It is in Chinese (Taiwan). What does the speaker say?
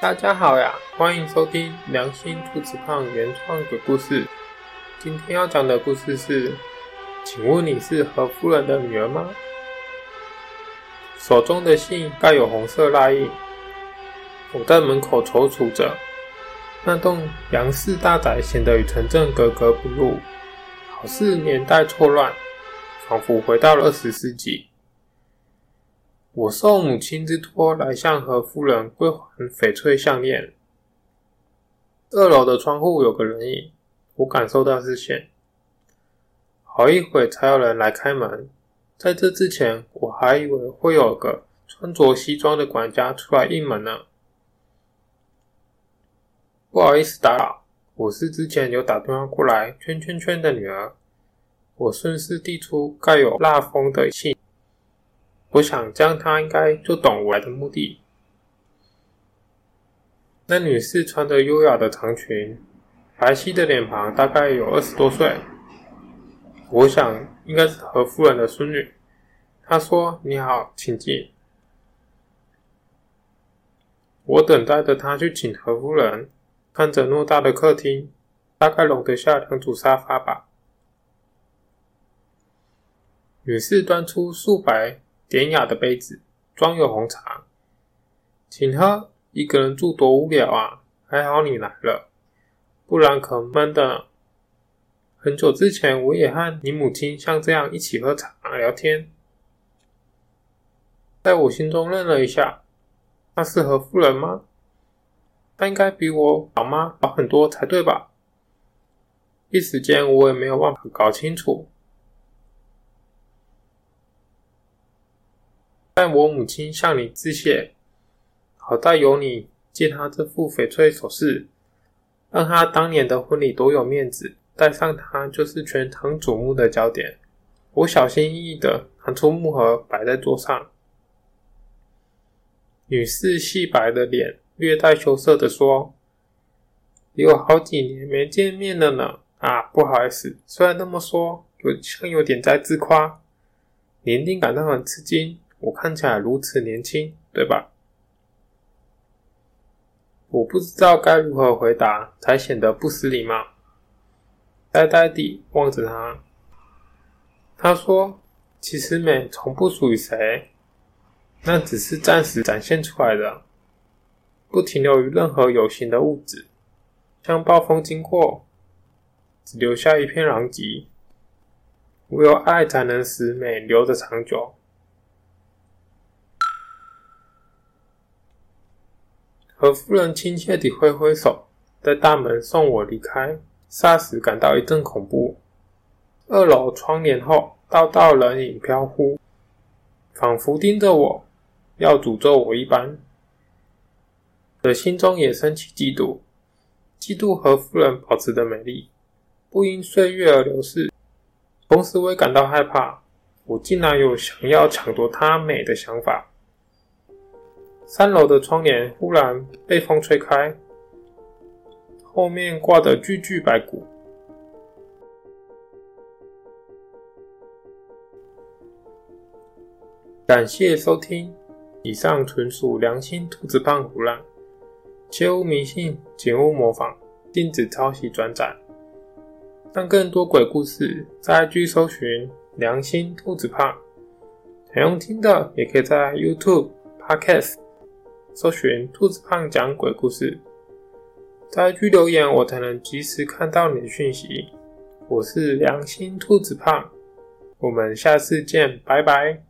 大家好呀，歡迎收聽《良心兔子胖》原創鬼故事。今天要講的故事是，請問你是河夫人的女兒嗎？手中的信蓋有紅色蠟印。我在門口躊躇着，那棟楊氏大宅顯得與城鎮格格不入，好似年代錯亂，仿佛回到了二十世紀。我受母親之托來向何夫人歸還翡翠項鏈。二樓的窗戶有個人影，我感受到視線。好一會才有人來開門，在這之前我還以為會有個穿着西裝的管家出來應門呢。不好意思打擾，我是之前有打電話過來圈圈圈的女兒。我順勢遞出蓋有蠟封的信。我想這樣，他應該就懂我來的目的。那女士穿着優雅的長裙，白皙的臉龐，大概有二十多歲。我想應該是何夫人的孫女。她說：“你好，請進。”我等待着她去請何夫人。看着偌大的客廳，大概容得下兩組沙發吧。女士端出素白。典雅的杯子裝有紅茶，請喝。一個人住多無聊啊！還好你來了，不然可悶的。很久之前，我也和你母親像這樣一起喝茶聊天。在我心中愣了一下，那是何夫人嗎？她應該比我老媽好很多才對吧？一時間，我也沒有辦法搞清楚。但我母親向你致謝。好在有你借她這副翡翠首飾，讓她當年的婚禮多有面子。戴上它，就是全堂矚目的焦點。我小心翼翼地拿出木盒，擺在桌上。女士細白的臉略帶羞澀地說：“有好幾年沒見面了呢。”啊，不好意思，雖然那麼說，有像有點在自誇。你一定感到很吃驚。我看起來如此年輕，對吧？我不知道該如何回答才顯得不失禮貌，呆呆地望着他。他說：“其實美從不屬於誰，那只是暫時展現出來的，不停留於任何有形的物質，像暴風經過，只留下一片狼藉。唯有愛才能使美留得長久。”河夫人親切地揮揮手，在大門送我離開。霎時感到一陣恐怖。二樓窗簾後，道道人影飄忽，仿佛盯着我，要詛咒我一般。我的心中也升起嫉妒，嫉妒河夫人保持的美麗，不因歲月而流逝。同時，我也感到害怕，我竟然有想要搶奪她美的想法。三樓的窗簾忽然被風吹開，後面掛的具具白骨。感謝收聽，以上純屬良心兔子胖胡亂，切勿迷信，請勿模仿，禁止抄襲轉載。讓更多鬼故事在 IG 搜尋良心兔子胖，想用聽的也可以在 YouTube、Podcast。搜尋“兔子胖講鬼故事”，再去留言，我才能及時看到你的訊息。我是良心兔子胖，我們下次見，拜拜。